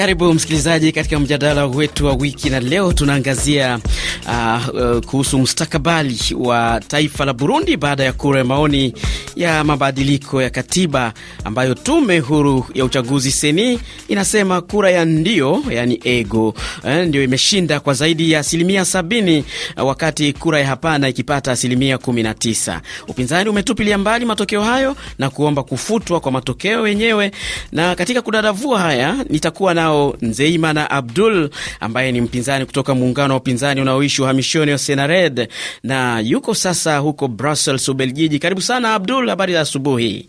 Karibu msikilizaji katika mjadala wetu wa wiki, na leo tunaangazia uh, uh, kuhusu mustakabali wa taifa la Burundi baada ya kura ya maoni ya mabadiliko ya katiba ambayo tume huru ya uchaguzi seni inasema kura ya ndio, yani ego eh, ndio imeshinda kwa zaidi ya asilimia sabini, eh, wakati kura ya hapana ikipata asilimia kumi na tisa. Upinzani umetupilia mbali matokeo hayo na kuomba kufutwa kwa matokeo yenyewe, na katika kudadavua haya nitakuwa na nao Nzeimana Abdul ambaye ni mpinzani kutoka muungano wa upinzani unaoishi uhamishoni wa Senared na yuko sasa huko Brussels, Ubelgiji. Karibu sana Abdul, habari za asubuhi.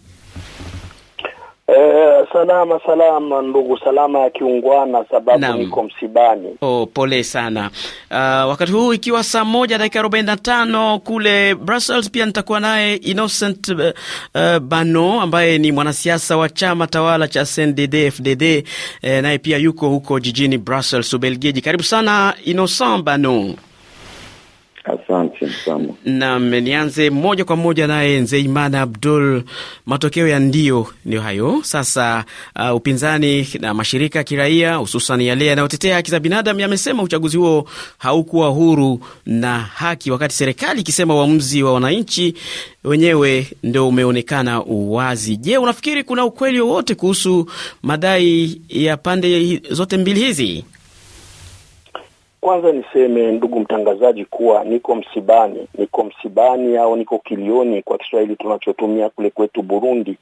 Eh, salama salama ndugu, salama ya kiungwana, sababu niko msibani. Oh, pole sana. Uh, wakati huu ikiwa saa moja dakika arobaini na tano kule Brussels, pia nitakuwa naye Innocent uh, uh Bano ambaye ni mwanasiasa wa chama tawala cha CNDD FDD, eh, naye pia yuko huko jijini Brussels, Ubelgiji. Karibu sana Innocent Bano. Asante sana. Naam, nianze moja kwa moja naye Nzeimana Abdul. Matokeo ya ndio ndio hayo sasa. Uh, upinzani na mashirika ya kiraia hususan yale yanayotetea haki za binadamu yamesema uchaguzi huo haukuwa huru na haki, wakati serikali ikisema uamuzi wa wananchi wenyewe ndio umeonekana uwazi. Je, unafikiri kuna ukweli wowote kuhusu madai ya pande zote mbili hizi? Kwanza niseme ndugu mtangazaji, kuwa niko msibani, niko msibani au niko kilioni kwa Kiswahili tunachotumia kule kwetu Burundi,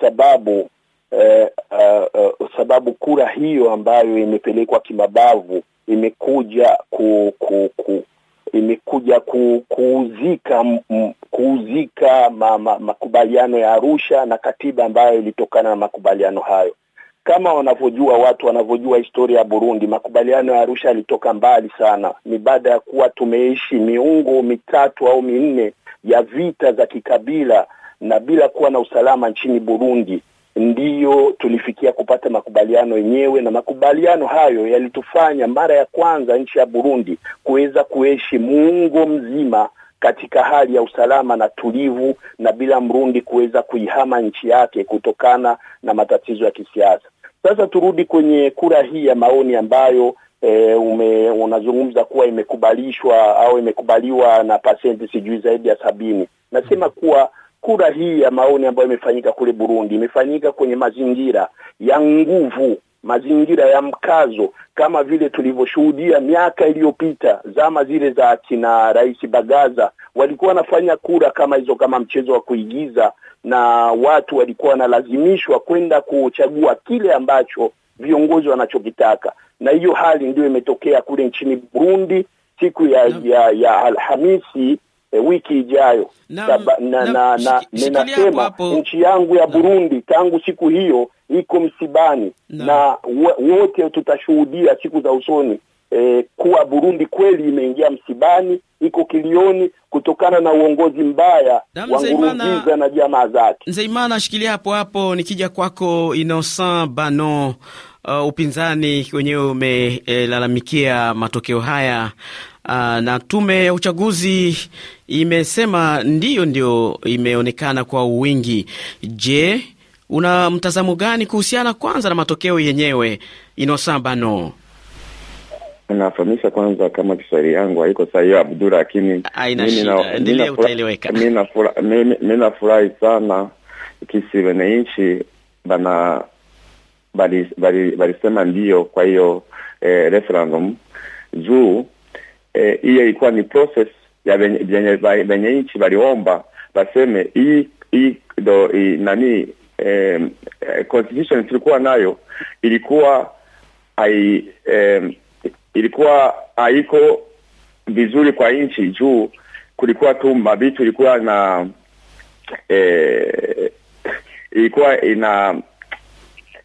sababu eh, uh, uh, sababu kura hiyo ambayo imepelekwa kimabavu imekuja ku, ku, ku imekuja ku, kuuzika m, kuuzika ma, ma, makubaliano ya Arusha na katiba ambayo ilitokana na makubaliano hayo kama wanavyojua watu wanavyojua historia ya Burundi, makubaliano ya Arusha yalitoka mbali sana. Ni baada ya kuwa tumeishi miungo mitatu au minne ya vita za kikabila na bila kuwa na usalama nchini Burundi, ndiyo tulifikia kupata makubaliano yenyewe, na makubaliano hayo yalitufanya mara ya kwanza nchi ya Burundi kuweza kuishi muungo mzima katika hali ya usalama na tulivu na bila Mrundi kuweza kuihama nchi yake kutokana na matatizo ya kisiasa. Sasa turudi kwenye kura hii ya maoni ambayo E, ume, unazungumza kuwa imekubalishwa au imekubaliwa na pasenti sijui zaidi ya sabini. Nasema kuwa kura hii ya maoni ambayo imefanyika kule Burundi imefanyika kwenye mazingira ya nguvu mazingira ya mkazo kama vile tulivyoshuhudia miaka iliyopita, zama zile za kina Rais Bagaza, walikuwa wanafanya kura kama hizo kama mchezo wa kuigiza, na watu walikuwa wanalazimishwa kwenda kuchagua kile ambacho viongozi wanachokitaka, na hiyo hali ndiyo imetokea kule nchini Burundi siku ya, ya, ya Alhamisi E, wiki ijayo na, na, na, na, na, ninasema nchi yangu ya Burundi tangu siku hiyo iko msibani no. na wote tutashuhudia siku za usoni e, kuwa Burundi kweli imeingia msibani, iko kilioni kutokana na uongozi mbaya wa Nkurunziza na jamaa zake. Nzeimana, shikilia hapo hapo, nikija kwako Innocent Bano. Uh, upinzani wenyewe umelalamikia e, matokeo haya uh, na tume ya uchaguzi imesema ndiyo ndio imeonekana kwa wingi. Je, una mtazamo gani kuhusiana kwanza na matokeo yenyewe? Inosabano, nafahamisha kwanza kama Kiswahili yangu haiko sahihi Abdu, lakini mimi nafurahi sana kisi wene nchi bana balisema ndio kwa hiyo eh, referendum juu eh, hiyo eh, ilikuwa ni process ya venye nchi baliomba baseme hii hii do nani eh, constitution tulikuwa nayo ilikuwa ai, eh, ilikuwa haiko vizuri kwa nchi juu kulikuwa tu mabitu ilikuwa na eh, ilikuwa ina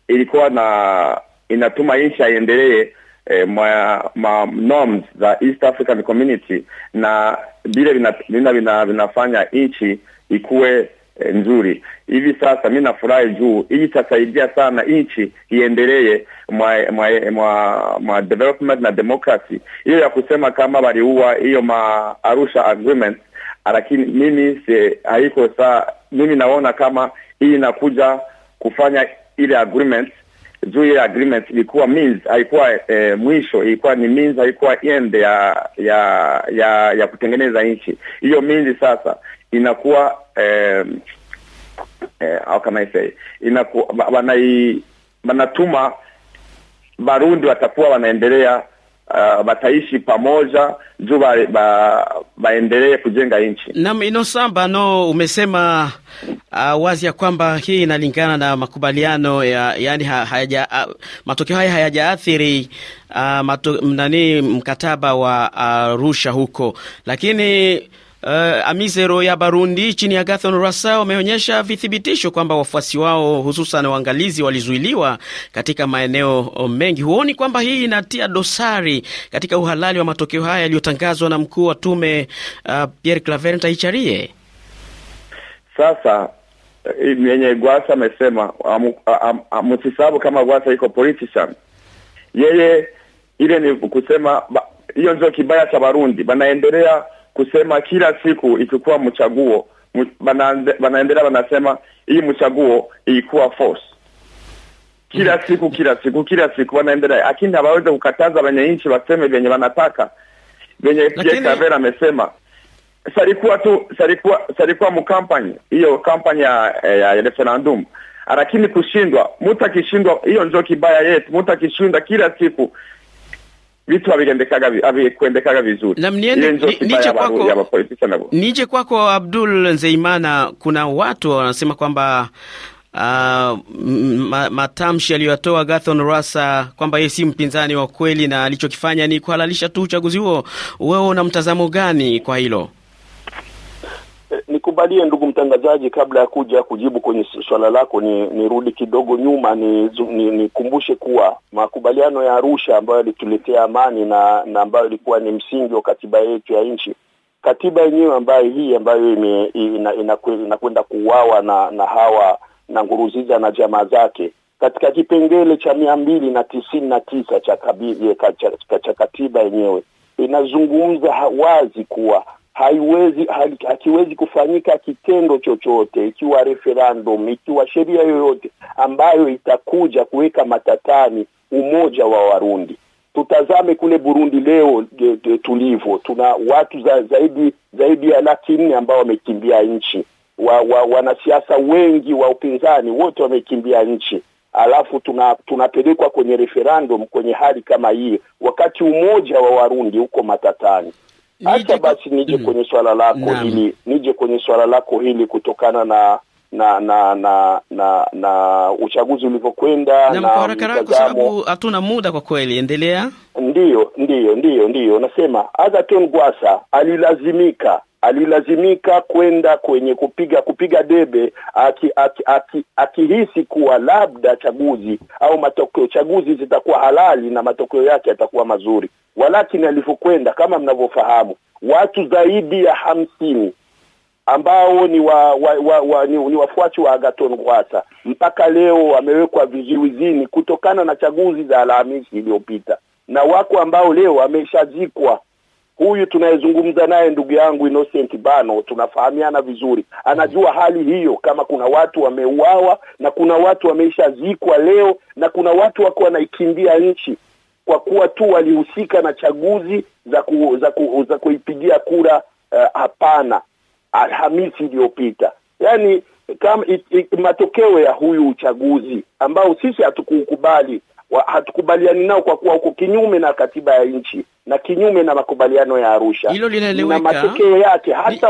ilikuwa na inatuma nchi aendelee E, eh, mwa, ma norms za East African Community na vile vina, vina, vina, vinafanya nchi ikuwe e, nzuri. Hivi sasa mi nafurahi juu hii itasaidia sana nchi iendelee mwa mwa, mwa mwa development na democracy. Hiyo ya kusema kama waliua hiyo ma Arusha agreement, lakini mimi se, haiko saa mimi naona kama hii inakuja kufanya ile agreement juu ile agreement ilikuwa means haikuwa e, mwisho, ilikuwa ni means, haikuwa end ya ya ya, ya kutengeneza nchi hiyo means. Sasa inakuwa eh, eh, how can I say wanai wanatuma Barundi watakuwa wanaendelea uh, wataishi pamoja juu ba, ba, baendelee kujenga nchi. Naam, Inosamba no umesema uh, wazi ya kwamba hii inalingana na makubaliano ya, yani ha, hayaja, uh, matokeo haya hayajaathiri uh, nani mkataba wa Arusha uh, huko lakini Uh, Amizero ya Barundi chini ya gathon Rwasa wameonyesha vithibitisho kwamba wafuasi wao hususan waangalizi walizuiliwa katika maeneo mengi. Huoni kwamba hii inatia dosari katika uhalali wa matokeo haya yaliyotangazwa na mkuu wa tume uh, Pierre Claver Ndayicariye? Sasa eh, mwenye Gwasa amesema msisabu kama Gwasa iko politician, yeye ile ni kusema hiyo ndio kibaya cha Barundi banaendelea kusema kila siku ikikuwa mchaguo wanaendelea wanasema hii mchaguo ilikuwa force kila mm. siku kila siku kila siku wanaendelea, lakini hawaweze kukataza wenye nchi waseme venye wanataka venye Pierre Claver amesema. Salikuwa tu salikuwa salikuwa mu kampani hiyo kampani ya, ya, ya referendum, lakini kushindwa, mtu akishindwa, hiyo ndio kibaya yetu. Mtu akishinda kila siku vitu havikuendekaga vizuri. Na nije kwako, nije kwako Abdul Nzeimana, kuna watu wanasema kwamba Uh, matamshi aliyoyatoa Gathon Rasa kwamba yeye si mpinzani wa kweli na alichokifanya ni kuhalalisha tu uchaguzi huo. Wewe una mtazamo gani kwa hilo? Nikubalie ndugu mtangazaji, kabla ya kuja kujibu kwenye swala lako, ni nirudi kidogo nyuma, nikumbushe ni, ni kuwa makubaliano ya Arusha ambayo yalituletea amani na, na ambayo ilikuwa ni msingi wa katiba yetu ya nchi katiba yenyewe ambayo hii ambayo inakwenda ina, ina, ina kuuawa na na hawa na Nguruziza na jamaa zake katika kipengele cha mia mbili na tisini na tisa cha, kabili, cha, cha, cha katiba yenyewe inazungumza wazi kuwa haiwezi hakiwezi kufanyika kitendo chochote, ikiwa referendum, ikiwa sheria yoyote ambayo itakuja kuweka matatani umoja wa Warundi. Tutazame kule Burundi leo tulivyo, tuna watu za, zaidi zaidi ya laki nne ambao wamekimbia nchi wa, wa, wanasiasa wengi wa upinzani wote wamekimbia nchi, alafu tuna tunapelekwa kwenye referendum kwenye hali kama hii, wakati umoja wa Warundi uko matatani. Acha basi nije mm. kwenye swala lako Naam. hili nije kwenye swala lako hili kutokana na na na na na, na uchaguzi ulivyokwenda na, kwa haraka kwa sababu hatuna muda kwa kweli, endelea. Ndiyo, ndiyo, ndiyo, ndiyo, nasema Agathon Gwasa alilazimika alilazimika kwenda kwenye kupiga kupiga debe akihisi aki, aki, aki kuwa labda chaguzi au matokeo chaguzi zitakuwa halali na matokeo yake yatakuwa mazuri. Walakini alivyokwenda, kama mnavyofahamu, watu zaidi ya hamsini ambao ni wa, wa, wa, wa, ni, ni wafuachi wa agaton Rwasa mpaka leo wamewekwa vizuizini kutokana na chaguzi za Alhamisi iliyopita, na wako ambao leo wameshazikwa huyu tunayezungumza naye ndugu yangu Innocent Bano, tunafahamiana vizuri, anajua hali hiyo, kama kuna watu wameuawa na kuna watu wameishazikwa leo na kuna watu wako wanaikimbia nchi kwa kuwa tu walihusika na chaguzi za ku, za, ku, za kuipigia kura eh, hapana, Alhamisi iliyopita. Yani kama matokeo ya huyu uchaguzi ambao sisi hatukuukubali hatukubaliani nao kwa kuwa huko kinyume na katiba ya nchi na kinyume na makubaliano ya Arusha. Hilo linaeleweka. Na matokeo yake hata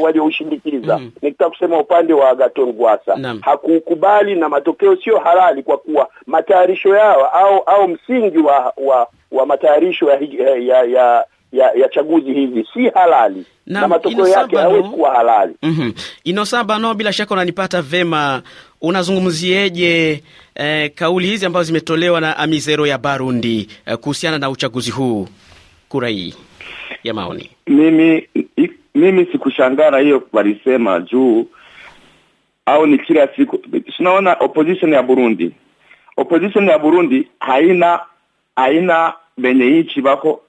walioushindikiza walio mm. nikitaka kusema upande wa Agathon Gwasa hakukubali, na matokeo sio halali kwa kuwa matayarisho yao au au msingi wa wa, wa matayarisho ya, ya, ya ya, ya chaguzi hizi si halali na, na matokeo yake hayawezi kuwa halali. mm -hmm. no, bila shaka unanipata vema unazungumzieje eh, kauli hizi ambazo zimetolewa na Amizero ya Barundi eh, kuhusiana na uchaguzi huu, kura hii ya maoni? Mimi mimi sikushangaa na hiyo walisema juu au ni kila siku tunaona opposition ya Burundi. Opposition ya Burundi haina haina benye nchi bako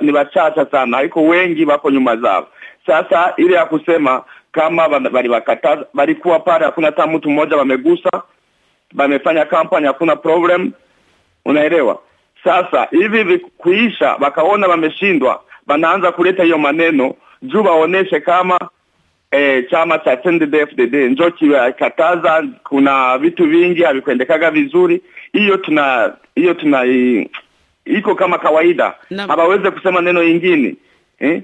ni wachacha sana, haiko wengi bako nyuma zao. Sasa ile ya kusema kama walibakataza, walikuwa pale, hakuna hata mtu mmoja wamegusa, wamefanya kampani, hakuna problem, unaelewa. Sasa hivi vikuisha, wakaona wameshindwa, wanaanza kuleta hiyo maneno juu waoneshe kama e, chama cha CNDD-FDD njo kiwakataza. Kuna vitu vingi havikuendekaga vizuri, hiyo tuna hiyo tuna iko kama kawaida, hawaweze kusema neno ingine eh?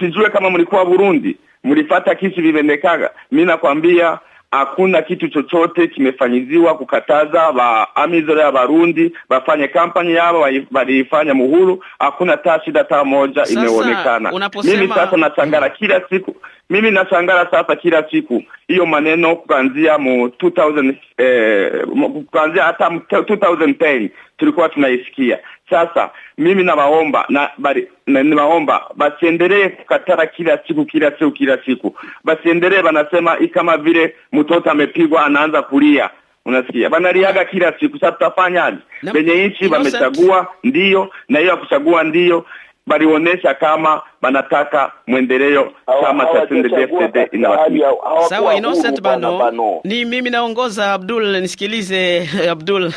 Sijue kama mlikuwa Burundi mlifata kisi vivendekaga Mi nakwambia hakuna kitu chochote kimefanyiziwa kukataza wa amizore ya Barundi wafanye kampani yao walifanya muhuru. Hakuna ta shida ta moja imeonekana. mimi sasa nachangara kila siku, mimi nachangara sasa kila siku hiyo maneno kuanzia mu 2000 eh, kuanzia hata 2010 tulikuwa tunaisikia sasa mimi nawaomba na bali na, niwaomba basiendelee kukatara kila siku kila siku kila siku, basiendelee banasema kama vile mtoto amepigwa anaanza kulia Unasikia banaliaga kila siku. Sasa tutafanyaje? venye nchi wamechagua ndio, na hiyo ya kuchagua ndio balionyesha kama wanataka mwendeleo chama cha CNDD-FDD inawakilisha. Sawa, Innocent Bano, Bano, ni mimi naongoza Abdul, nisikilize Abdul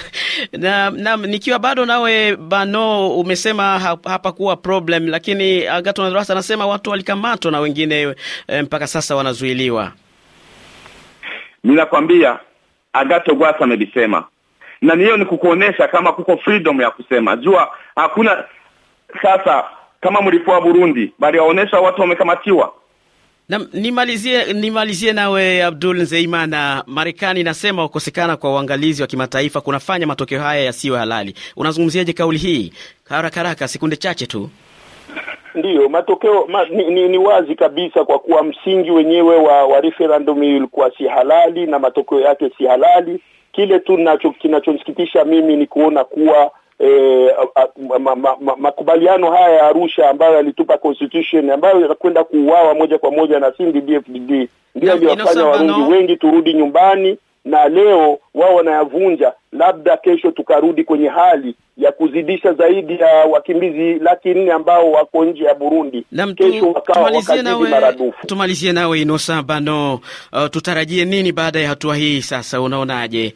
na, na nikiwa bado nawe Bano, umesema hapakuwa problem, lakini Agathon Rwasa anasema watu walikamatwa na wengine eh, mpaka sasa wanazuiliwa. Ninakwambia agato Rwasa amebisema, na niyo ni kukuonesha kama kuko freedom ya kusema jua hakuna sasa kama mlikuwa Burundi, bali waonesha watu wamekamatiwa. Na, nimalizie nimalizie nawe Abdul Nzeimana. Marekani inasema kukosekana kwa uangalizi wa kimataifa kunafanya matokeo haya yasiyo halali. Unazungumziaje kauli hii? Haraka haraka, sekunde chache tu. Ndiyo, matokeo ma, ni, ni, ni wazi kabisa kwa kuwa msingi wenyewe wa, wa referendum ulikuwa si halali na matokeo yake si halali. Kile tu kinachonisikitisha mimi ni kuona kuwa eh, ma, ma, ma, makubaliano haya ya Arusha ambayo yalitupa constitution ambayo yanakwenda kuuawa moja kwa moja na sindi DFDD ndio aliyofanya Warundi wengi turudi nyumbani na leo wao wanayavunja, labda kesho tukarudi kwenye hali ya kuzidisha zaidi ya wakimbizi laki nne ambao wako nje ya Burundi. mtu, kesho wakawa wakazidi maradufu. Tumalizie nawe Inosa Bano, uh, tutarajie nini baada ya hatua hii sasa, unaonaje?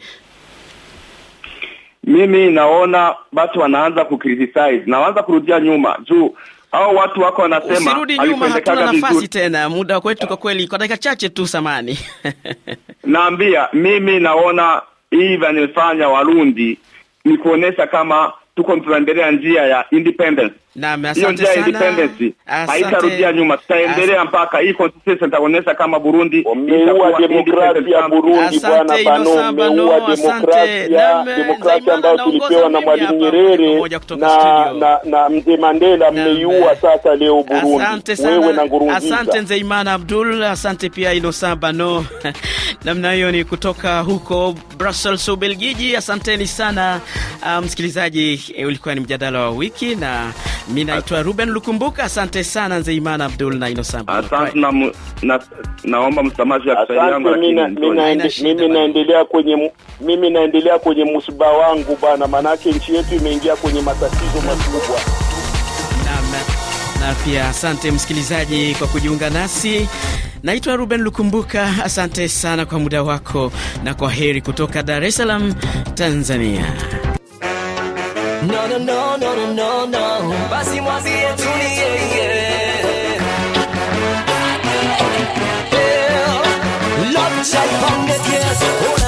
mimi naona basi wanaanza kukriticize na waanza kurudia nyuma juu au watu wako wanasema usirudi nyuma, hatuna nafasi tena. Muda kwetu kwa kweli, kwa dakika chache tu, samani naambia mimi naona hii vanifanya Warundi ni kuonesha kama tuko tunaendelea njia ya independence Naam, asante sana. Haitarudia nyuma, tutaendelea mpaka hii constitution itaonyesha kama Burundi imeua demokrasia ya Burundi. Bwana Bano, umeua demokrasia, demokrasia ambayo tulipewa na Mwalimu Nyerere na na, na mzee Mandela, mmeiua eh. sasa leo Burundi. Asante sana. Wewe na Ngurunziza. Asante Nzeimana Abdul, asante pia Innocent Bano. Namna hiyo ni kutoka huko Brussels, Ubelgiji. Asanteni sana ah, msikilizaji, um, ulikuwa ni mjadala wa wiki na Mi naitwa Ruben Lukumbuka. Asante sana Nzeimana Abdul na Inosamba. Asante na, na, naomba msamaji ya Kiswahili yangu lakini mimi naendelea kwenye msiba wangu bana, manake nchi yetu imeingia kwenye matatizo makubwa. Na pia asante msikilizaji kwa kujiunga nasi. Naitwa Ruben Lukumbuka, asante sana kwa muda wako na kwa heri kutoka Dar es Salaam, Tanzania. No, no, no, no, no, no, no. Passez-moi si et eh, eh, yeah, yeah. Oh. Love,